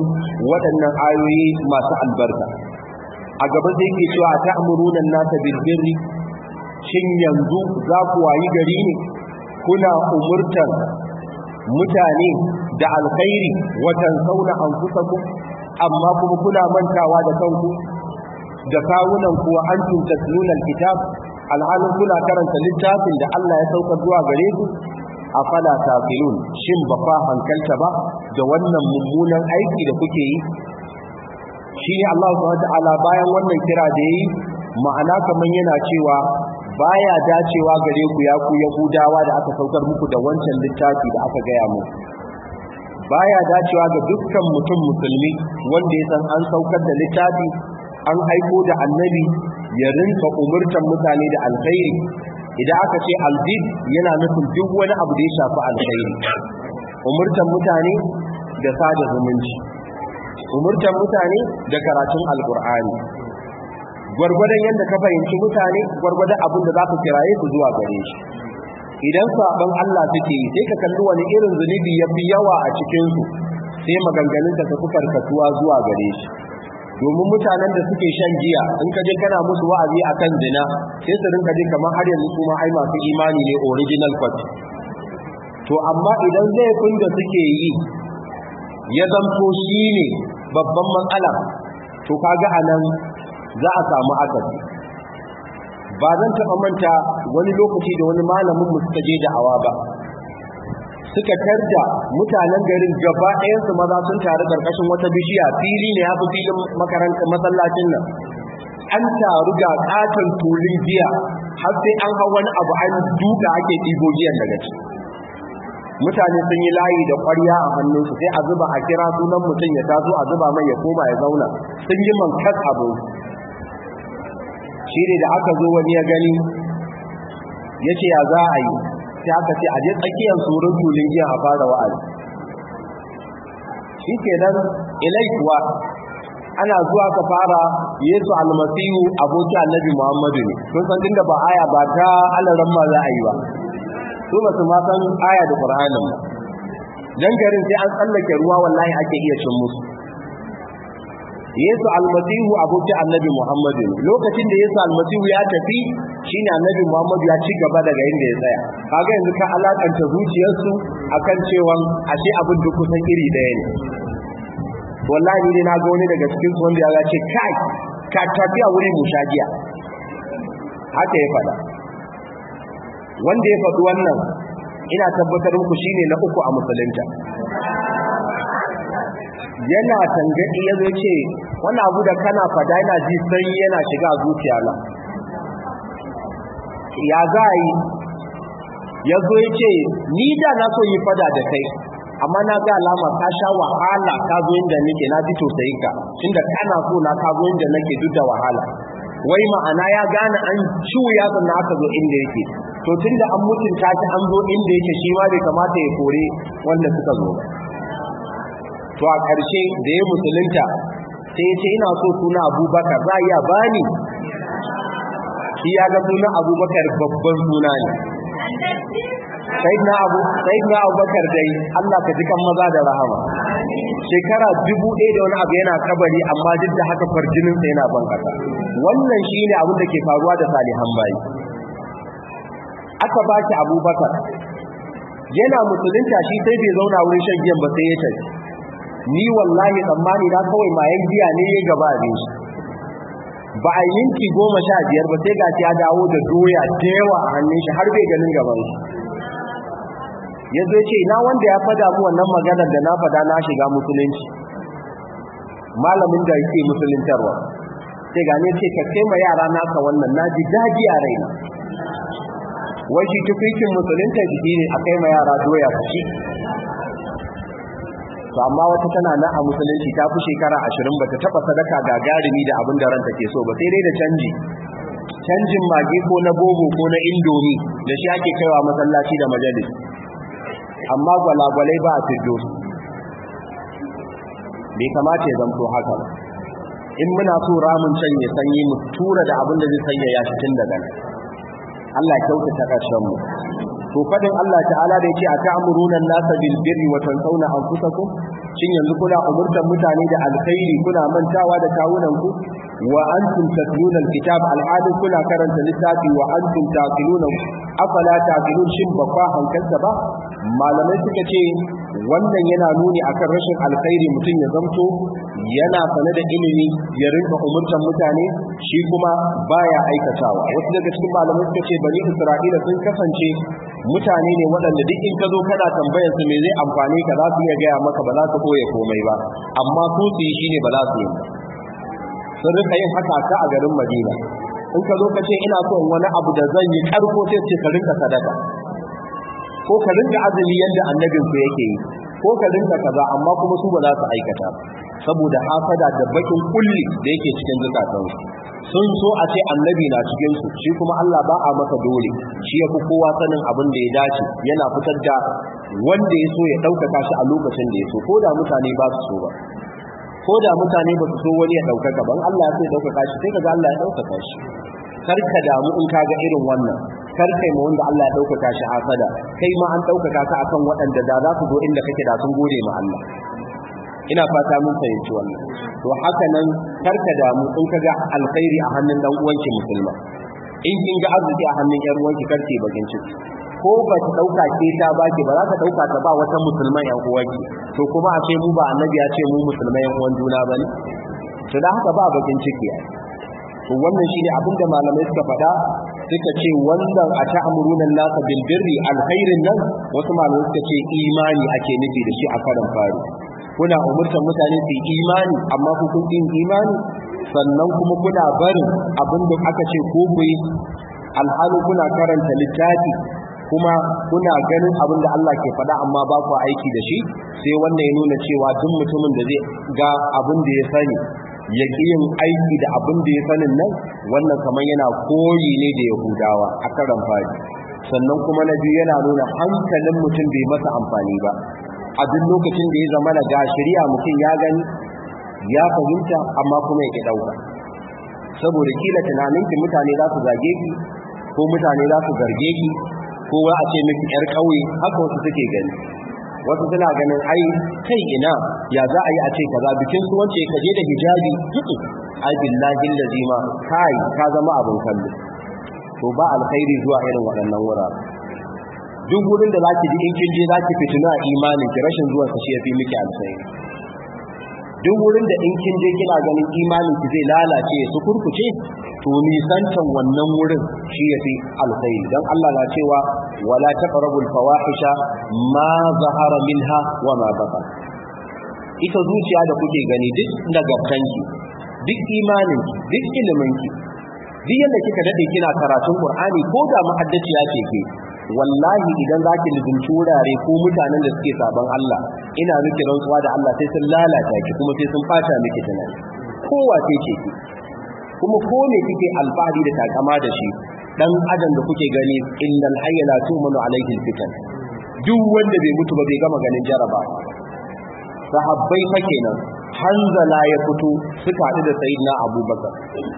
waɗannan ayoyi masu albarka a gaba sai ke cewa a an-nasa bil birri shin yanzu za ku wayi gari ne kuna umurtar mutane da alkhairi watan sauna anfusakum amma kuma kuna mantawa da kanku da kawunan kuwa antum tatluna alkitab alhalin kuna karanta littafin da Allah ya sauka zuwa gare ku afala taqilun shin ba fa hankalta ba da wannan mummunan aiki da kuke yi Shi Allah subhanahu ta'ala bayan wannan kira da yi ma'ana kaman yana cewa baya dacewa gare ku ya ku yahudawa da aka saukar muku da wancan littafi da aka gaya mu baya dacewa ga dukkan mutum musulmi wanda ya san an saukar da littafi an aiko da annabi ya rinka umurtan mutane da alkhairi idan aka ce aljid yana nufin duk wani abu da ya shafi alkhairi umurtan mutane da sada zumunci umurtan mutane da karatun alkur'ani gwargwadon yadda ka fahimci mutane gwargwadon abin da za ku kiraye ku zuwa gare shi idan sabon Allah suke yi sai ka kalli wani irin zunubi ya fi yawa a cikin su sai maganganun da suka karkatuwa zuwa gare shi domin mutanen da suke shan jiya, in ka je kana musu wa'azi akan zina sai su rinka je kamar har yanzu kuma ai masu imani ne original kwat to amma idan laifin da suke yi ya zanto shi ne babban matsala to kaga anan za a samu akasi ba zan taɓa manta wani lokaci da wani malamin mu suka je da'awa ba suka tarda mutanen garin gaba ɗayansu maza sun taru ƙarƙashin wata bishiya fili ne ya fi filin makarantar masallacin nan an taru ga ƙaton tulin giya har sai an hau wani abu an duka ake ɗibo giyan daga ci mutane sun yi layi da ƙwarya a hannunsu sai a zuba a kira sunan mutum ya taso a zuba mai ya koma ya zauna sun yi mankas abu shi ne da aka zo wani ya gani ya ce ya za a yi sai aka ce a je tsakiyar surun tulin giya a fara wa'azi shi ke nan ilaikuwa ana zuwa ka fara yesu almasihu abokin annabi muhammadu ne sun san inda ba aya ba ta alaran ma za a yi ba su ba su san aya da qur'anin dan garin sai an tsallake ruwa wallahi ake iya cin musu Yesu almasihu abokin annabi Muhammadu lokacin da Yesu almasihu ya tafi shine annabi Muhammadu ya ci gaba daga inda ya tsaya kaga yanzu ka alakanta zuciyarsu akan cewa ashe abin duk kusan iri daya ne wallahi ne na ga wani daga cikin su wanda ya ce kai ka tafi a wuri mushajiya haka ya faɗa wanda ya faɗi wannan ina tabbatar muku shine na uku a musulunta yana tangadi ya zo ce wannan abu da kana fada yana ji sai yana shiga zuciya la ya za ya zo ce ni da na so yi fada da kai amma na ga alama ka sha wahala ka zo inda nake na ji tausayin ka tunda kana so na ka zo inda nake duk da wahala wai ma'ana ya gane an cuya na aka zo inda yake to tunda an mutunta shi an zo inda yake shi ma bai kamata ya kore wanda suka zo ba to a ƙarshe da ya musulunta sai ya ce ina so suna abubakar za a iya bani shi ya ga suna abubakar babban suna ne na abubakar dai Allah ka ji kan maza da rahama shekara dubu ɗaya da wani abu yana kabari amma duk da haka farjinin yana ban kasa wannan ne abin da ke faruwa da salihan bayi aka ba ki abubakar yana musulunta shi sai bai zauna wurin shan giyan ba sai ya tafi ni wallahi tsammani na kawai mayan biya ne ya gaba ne ba a yi yinki goma sha biyar ba sai gashi ya dawo da doya da yawa a hannun shi har bai ganin gaban shi ya zo ce ina wanda ya fada mu wannan maganar da na fada na shiga musulunci malamin da yake musuluntarwa sai gane ce ka kai ma yara naka wannan na ji daji a raina wai shi tufikin musulunta jiki ne a kai ma yara doya ka ci to amma wata tana nan a musulunci ta fi shekara ashirin ba ta taɓa sadaka gagarumi da abin da ranta ke so ba sai dai da canji canjin mage ko na gogo ko na indomi da shi ake kaiwa masallaci da majalis amma gwalagwalai ba a fiddo bai kamata ya zamto haka ba in muna so ramin can ya sanyi mu tura da abin da zai sanya ya shi tun daga Allah kyautata ƙarshen mu to fadin Allah ta'ala da yake ata'muruna an-nasa bil birri wa tansawna anfusakum shin yanzu kuna umurtar mutane da alkhairi kuna mantawa da kawunan ku wa antum tatluna al-kitab kuna karanta littafi wa antum taqiluna afala taqilun shin ba hankalta ba malamai suka ce wannan yana nuni akan rashin alkhairi mutum ya zamto yana sane da ilimi ya rinka umurtan mutane shi kuma baya aikatawa wasu daga cikin malamai suka ce bani isra'ila sun kasance mutane ne waɗanda duk in ka zo kana tambayar su me zai amfani ka za su iya gaya maka ba za su koya komai ba amma su su yi shine ba za su yi sun rika yin haka ta a garin madina in ka zo ka ce ina son wani abu da zan yi karko sai ce ka rinka sadaka ko ka rinka azumi yadda annabin ku yake yi ko ka rinka kaza amma kuma su ba za su aikata saboda hasada da bakin kulli da yake cikin zukatan sun so a ce annabi na cikin su shi kuma Allah ba a masa dole shi yafi kowa sanin abin da ya dace yana fitar da wanda ya so ya ɗaukaka shi a lokacin da ya so ko da mutane ba su so ba ko da mutane ba su so wani ya ɗaukaka ban Allah ya so ya ɗaukaka shi sai ga Allah ya ɗaukaka shi kar ka damu in ka ga irin wannan kar kai ma wanda Allah ya ɗaukaka shi hasada kai ma an ɗaukaka ka akan waɗanda da za su zo inda kake da sun gode ma Allah ina fata mun fahimci wannan to haka nan kar ka damu in ka ga alkhairi a hannun dan uwanki musulma in kin ga arziki a hannun yar uwanki kar ki bakin ciki ko ba ta dauka ke ta baki ba za ta dauka ta ba wata musulman yan uwanki to kuma a ce mu ba annabi ya ce mu musulman yan uwan juna bane to da haka ba bakin ciki to wannan shine abin da malamai suka faɗa suka ce wannan a amurunan nasa bil birri alkhairin nan wasu malamai suka ce imani ake nufi da shi a karan faru kuna umurtar mutane su imani amma ku kun imani sannan kuma kuna barin abin da aka ce ko ku yi alhalu kuna karanta littafi kuma kuna ganin abin da Allah ke faɗa amma ba ku aiki da shi sai wannan ya nuna cewa duk mutumin da zai ga abin da ya sani ya yin aiki da abin da ya sanin nan wannan kamar yana koyi ne da yahudawa a karan fari sannan kuma na biyu yana nuna hankalin mutum bai masa amfani ba a lokacin da ya zama na ga shirya mutum ya gani ya fahimta amma kuma ya ki ɗauka saboda kila tunaninki mutane za su zage ki ko mutane za su zarge ki ko wa a ce miki yar ƙauye haka wasu suke gani wasu suna ganin ai kai ina ya za a yi a ce kaza bikin su wance ka je da hijabi kiki ai billahi lazima kai ka zama abin kallo to ba alkhairi zuwa irin waɗannan wurare duk wurin da zaki ji in kin je zaki fitina imanin ki rashin zuwa sa shi yafi miki alkhairi duk wurin da in kin je kina ganin imanin ki zai lalace ya kurkuce to nisantan wannan wurin shi fi alkhairi dan Allah na cewa wala taqrabul fawahisha ma zahara minha wa ma batan ita zuciya da kuke gani duk nagartanki duk imaninki duk iliminki duk yadda kika dade kina karatun Qur'ani ko da muhaddaciya ce ke wallahi idan zaki lubunci wurare ko mutanen da suke saban Allah ina miki rantsuwa da Allah sai sun lalata ki kuma sai sun fata miki tunani kowa sai ce ki kuma ko ne kike alfahari da takama da shi dan adam da kuke gani innal hayya la tumanu alaihi fitan duk wanda bai mutu ba bai gama ganin jaraba sahabbai fa kenan hanzala ya fito suka haɗu da na abubakar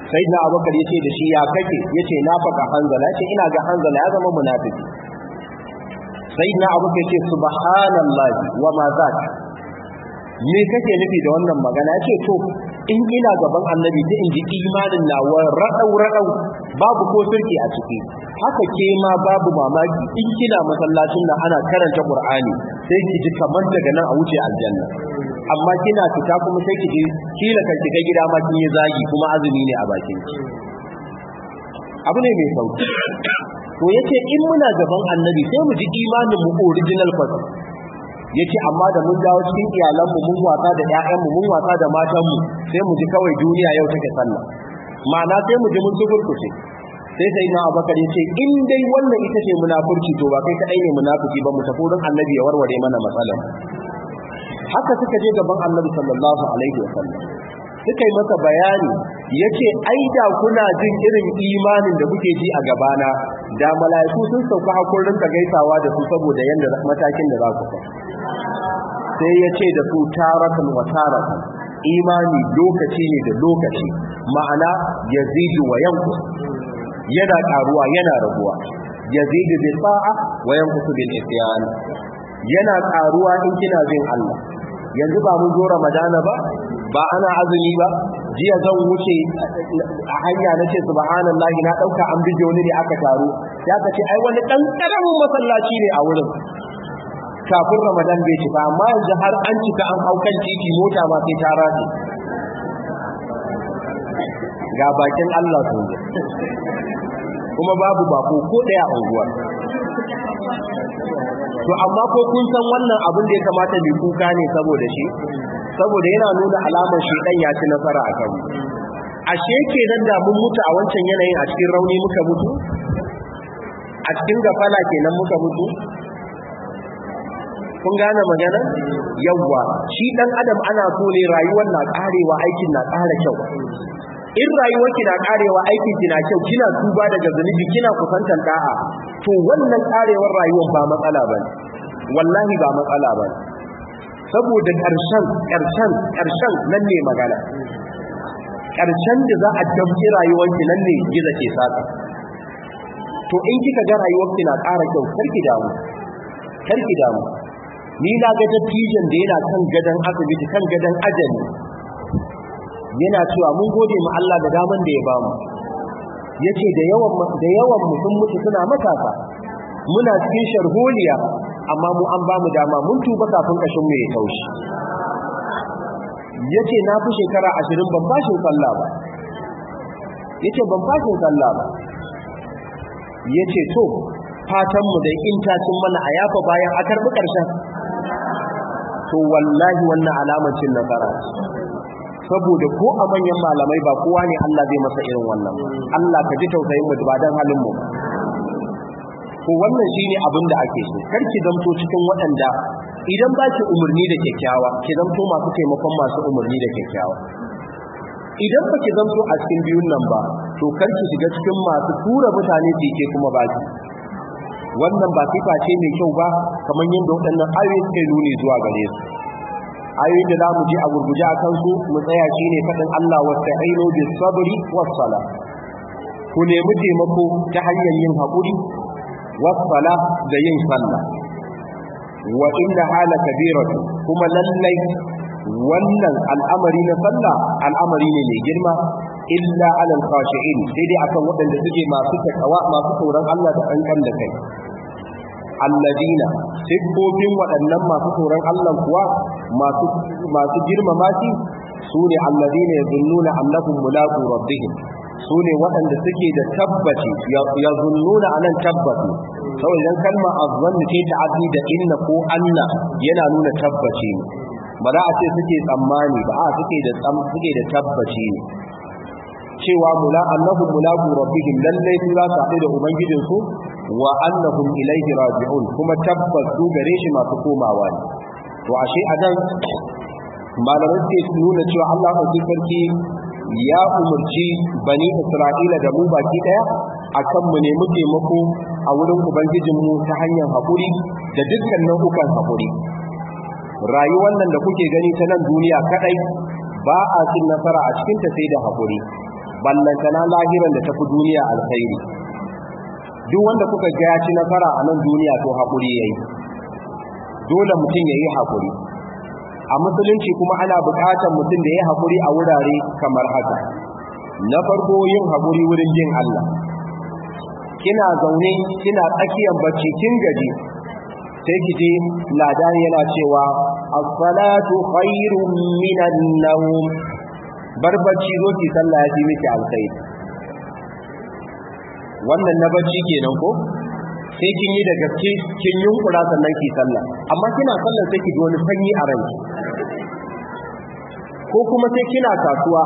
na abubakar ya ce da shi ya kake ya ce na faka hanzala ya ce ina ga hanzala ya zama munafiki na abubakar ya ce subhanallah wa ma za me kake nufi da wannan magana ya ce to in ina gaban annabi da in ji imanin nawa raɗau raɗau babu ko sirki a ciki haka ke ma babu mamaki in kina masallacin nan ana karanta qur'ani sai ki ji kamar daga nan a wuce aljanna amma kina fita kuma sai ki ji kila kan ki kai gida ma kin yi zagi kuma azumi ne a bakin ki abu ne mai sauki to yace in muna gaban annabi sai mu ji imanin mu original kwatsa yace amma da mun dawo cikin iyalanmu mun wasa da ƴaƴanmu mun wasa da matanmu sai mu ji kawai duniya yau take sallah ma'ana sai mu ji mun tugurkuce sai sai na abakar yace in dai wannan ita ce munafurci to ba kai kadai ne munafiki ba mu tafi wurin annabi ya warware mana matsalar haka suka je gaban annabi sallallahu alaihi wasallam suka yi masa bayani yace ai da kuna jin irin imanin da kuke ji a gabana da mala'iku sun sauka kullum da gaisawa da su saboda yanda matakin da za su kai sai ya ce da su tarakan wa tarakan imani lokaci ne da lokaci ma'ana zidu wa yanku yana karuwa yana raguwa zidu bi sa'a wa su bil isyan yana karuwa in kina bin Allah yanzu ba mun zo Ramadana ba ba ana azumi ba jiya zan wuce a hanya na ce subhanallahi na ɗauka an bige wani ne aka taru ya ka ce ai wani dan karamin masallaci ne a wurin kafin ramadan bai cika amma yanzu har an cika an hau kan titi mota ma sai ta rage ga bakin Allah sun kuma babu bako ko daya a unguwar to amma ko kun san wannan abin da ya kamata mai kuka ne saboda shi saboda yana nuna alamar shedan ya ci nasara a kanmu ashe kenan da mun mutu a wancan yanayin a cikin rauni muka mutu a cikin gafala kenan muka mutu kun gane magana yawwa shi dan adam ana so ne rayuwar na karewa aikin na kara kyau in rayuwar ki na karewa aikin ki na kyau kina tuba daga zunubi kina kusantar da'a to wannan karewar rayuwar ba matsala bane wallahi ba matsala bane saboda ƙarshen ƙarshen ƙarshen nan ne magana ƙarshen da za a damke rayuwarki nan ne gida ke sata to in kika ga rayuwarki na ƙara kyau karki damu karki damu ni na ga dattijan da yana kan gadon asibiti kan gadon ajali yana cewa mun gode ma Allah da daman da ya bamu yace da yawan da yawan mutum mutu suna matasa muna cikin sharholiya amma mu an ba mu dama mun tuba kafin kashin mu ya taushi yace na fi shekara ashirin ban shi sallah ba yace ban shi sallah ba yace to fatan mu da in ta cin mana ayafa bayan a karbi karshen to wallahi wannan alamar cin nasara saboda ko a manyan malamai ba kowa ne Allah zai masa irin wannan Allah ka ji tausayin mu ba dan halin mu ba ko wannan shine abin da ake so kar ki zanto cikin waɗanda idan ba ki umarni da kyakkyawa ki zamto masu taimakon masu umarni da kyakkyawa idan ba ki zanto a cikin biyun nan ba to kar ki shiga cikin masu tura mutane su ke kuma ba ki wannan ba sifa ce mai kyau ba kamar yadda waɗannan ayoyi suke nuni zuwa gare su ayoyin da za mu je a gurguje a kansu mu tsaya shi ne faɗin Allah wasta'inu bis sabri wasu sala ku nemi taimako ta hanyar yin haƙuri wasala da yin sallah wa inna hala kabiratu kuma lallai wannan al'amari na sallah al'amari ne mai girma illa alal khashi'in sai dai akan waɗanda suke masu takawa masu tsoron Allah da kankan da kai alladina siffofin waɗannan masu tsoron Allah kuwa masu masu girmama shi su ne alladina yazunnuna su ne waɗanda suke da tabbaci ya zunnuna a nan tabbaci sau idan kalma a zanni ce ta'addi da inna ko anna yana nuna tabbaci ne ba za a ce suke tsammani ba a suke da suke da tabbaci ne cewa mula annahu mulaku rabbihim lallai su za su haɗu da ubangijinsu wa annahum ilaihi raji'un kuma tabbas su gare shi masu komawa ne to ashe a nan malamai suke nuna cewa Allah ɗauki sarki ya umarci bani isra'ila da mu baki daya kan mu nemi taimako a wurin ubangijinmu ta hanyar haƙuri da dukkan nau'ukan haƙuri rayuwar nan da kuke gani ta nan duniya kaɗai ba a cin nasara a cikin ta sai da haƙuri na lahiran da tafi duniya alkhairi duk wanda kuka ga ya ci nasara a nan duniya to haƙuri yayi dole mutum yayi haƙuri a musulunci kuma ana bukatar mutum da ya haƙuri a wurare kamar haka na farko yin haƙuri wurin yin Allah kina zaune kina tsakiyar bacci kin gaji sai ki je ladan yana cewa as-salatu khairun minan nawm bar bacci zo sallah ya ji miki alkhairi wannan na bacci kenan ko sai kin yi da gaske kin yi yunkura sannan ki sallah amma kina sallan sai ki ji wani sanyi a ranki ko kuma sai kina kasuwa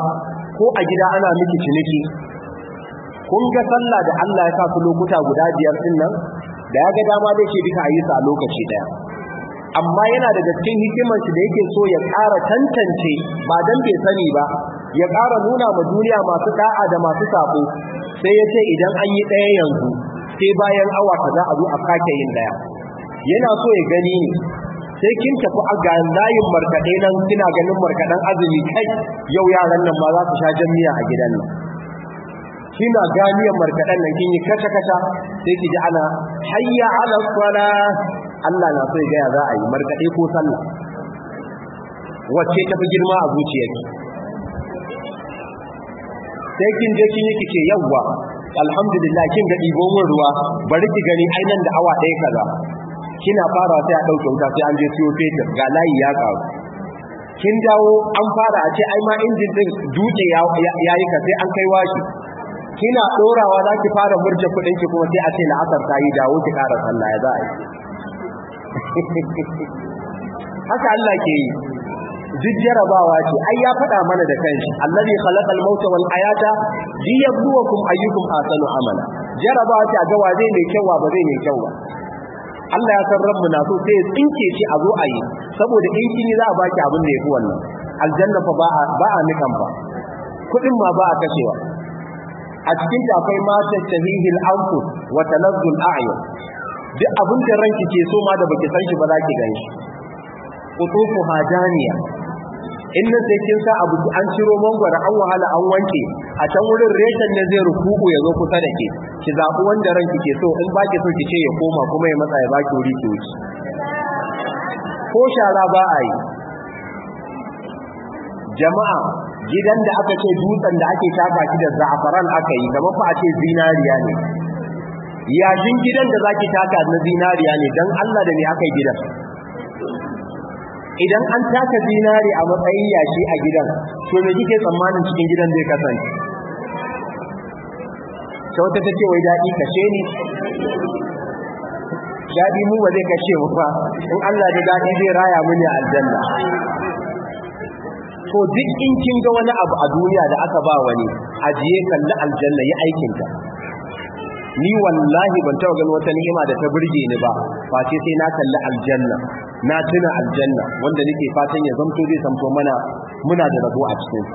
ko a gida ana miki ciniki kun ga sallah da Allah ya sa su lokuta guda biyar din nan da ya ga dama zai ce duka a yi a lokaci daya amma yana daga cikin hikimar shi da yake so ya ƙara tantance ba dan bai sani ba ya ƙara nuna ma duniya masu da'a da masu sako sai ya ce idan an yi ɗaya yanzu sai bayan awa za a zo a kake yin daya yana so ya gani ne sai kin tafi a ga layin markaɗe nan kina ganin markaɗen azumi kai yau yaran nan ma za su sha jan a gidan nan kina ganiyar markaɗen nan kin yi kasha-kasha. sai ki ji ana hayya ala sala Allah na so ya gaya za a yi markaɗe ko sallah wacce tafi girma a zuciyarki sai kin je kin yi kike yawwa alhamdulillah kin ga ɗibo min ruwa bari ki gani ainihin da awa ɗaya kaza kina farawa sai a ɗauke wuta sai an je siyo fetur ga layi ya ƙaru kin dawo an fara a ce ai ma injin din dutse ya yi ka sai an kai washi kina ɗorawa za ki fara murje kuɗin ki kuma sai a ce la'asar ta yi dawo ki ƙara sallah ya za a yi <laughs> haka Allah ke yi duk jarabawa ce ai ya faɗa mana da kanshi allazi khalaqal mauta wal hayata liyabluwakum ayyukum ahsanu amala jarabawa ce a ga wa zai mai kyau ba zai mai kyau ba Allah ya san ranmu na so sai ya tsinke shi a zo a yi saboda in kini za a baki abin da yafi wannan aljanna fa ba a nikan fa kuɗin ma ba a kashewa a cikin ta akwai mata tahihil anfus wa tanazzul a'yun duk abin da ranki ke so ma da baki san shi ba za ki gani kutufu hajaniya in nan sai kin sa abu an ciro mangwaro an wahala an wanke a can wurin reshen ne zai rukuku ya zo kusa da ke ki zaɓi wanda ran kike so in ba ki so ki ce ya koma kuma ya matsa ya baki wuri ki wuce ko shara ba a yi jama'a gidan da aka ce dutsen da ake tafa shi da za'afaran aka yi kamar fa a ce zinariya ne jin gidan da zaki taka na zinariya ne dan Allah da ne aka yi gidan idan an taka dinari a matsayin yashi a gidan to me kike tsammanin cikin gidan zai kasance ta wata ta ce wai daɗi kashe ni daɗi mu ba zai kashe mu ba in Allah da daɗi zai raya mu ne aljanna to duk in kin ga wani abu a duniya da aka ba wani ajiye kalli aljanna yi ka ni wallahi ban taɓa ganin wata ni'ima da ta burge ni ba face sai na kalli aljanna na tuna aljanna wanda nake fatan ya zamto zai samto mana muna da rabo a cikin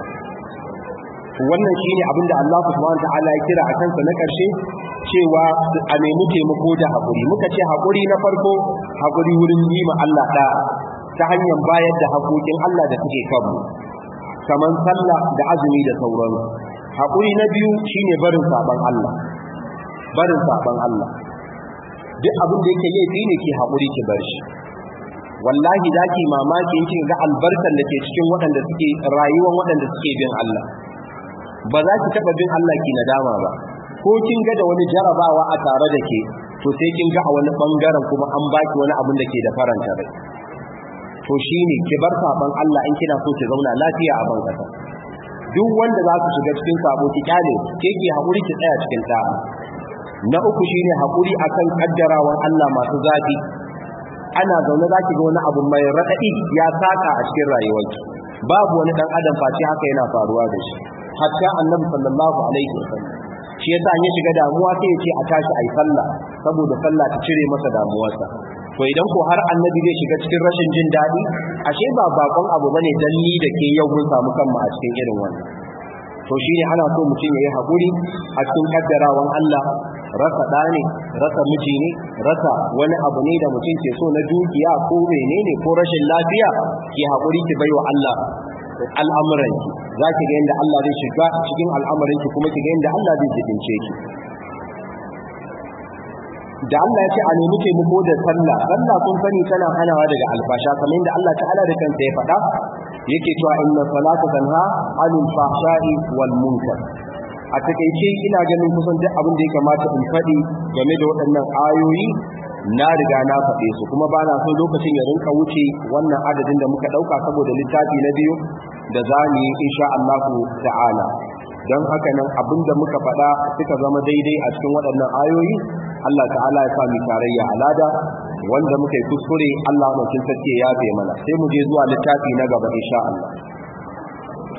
wannan shine abin da Allah subhanahu wataala ya kira a kansa na ƙarshe cewa a nemi taimako da haƙuri muka ce haƙuri na farko haƙuri wurin yi ma Allah da ta hanyar bayar da haƙoƙin Allah da kuke kanmu kamar sallah da azumi da sauransu haƙuri na biyu shine barin sabon Allah barin saban Allah duk abin da yake laifi ne ke haƙuri ki bar shi wallahi za ki mamaki in ga albarkar da ke cikin waɗanda suke rayuwar waɗanda suke bin Allah ba za ki taɓa bin Allah ki nadama ba ko kin ga da wani jarabawa a tare da ke to sai kin ga a wani ɓangaren kuma an baki wani abin da ke da faranta rai to ne ki bar sabon Allah in kina so ki zauna lafiya a bankasa duk wanda za ku shiga cikin sabo ki kyale ke ki haƙuri ki tsaya cikin ta'a na uku shine hakuri akan kaddarawan Allah masu zafi ana zaune zaki ga wani abu mai raɗaɗi ya saka a cikin rayuwarki babu wani dan adam face haka yana faruwa da shi hatta annabi sallallahu alaihi wasallam shi yasa an ya shiga damuwa sai ya ce a tashi ayi sallah saboda sallah ta cire masa damuwarsa to idan ko har annabi zai shiga cikin rashin jin daɗi ashe ba bakon abu bane dan ni da ke yau mun samu kanmu a cikin irin wannan to shine ana so mutum ya yi hakuri a cikin kaddarawan Allah rasa ɗa ne rasa miji ne rasa wani abu ne da mutum ke so na dukiya ko menene ko rashin lafiya ki haƙuri ki baiwa Allah al'amuran ki za ki ga yadda Allah zai shiga cikin al'amuran ki kuma ki ga yadda Allah zai jibince ki da Allah ya ce a nemi taimako da sallah sallah kun sani tana hanawa daga alfasha kamar yadda Allah ta'ala da kansa ya faɗa yake cewa inna salata tanha anil fahsha'i wal munkar a takaice ina ganin kusan duk abin da ya kamata in faɗi game da waɗannan ayoyi na riga na faɗe su kuma ba na so lokacin ya rinka wuce wannan adadin da muka ɗauka saboda littafi na biyu da za mu yi insha Allahu ta'ala don haka nan abin da muka faɗa suka zama daidai a cikin waɗannan ayoyi Allah ta'ala ya sa mu tarayya alada wanda muka yi kuskure Allah mai sarki ya yafe mana sai mu je zuwa littafi na gaba insha Allah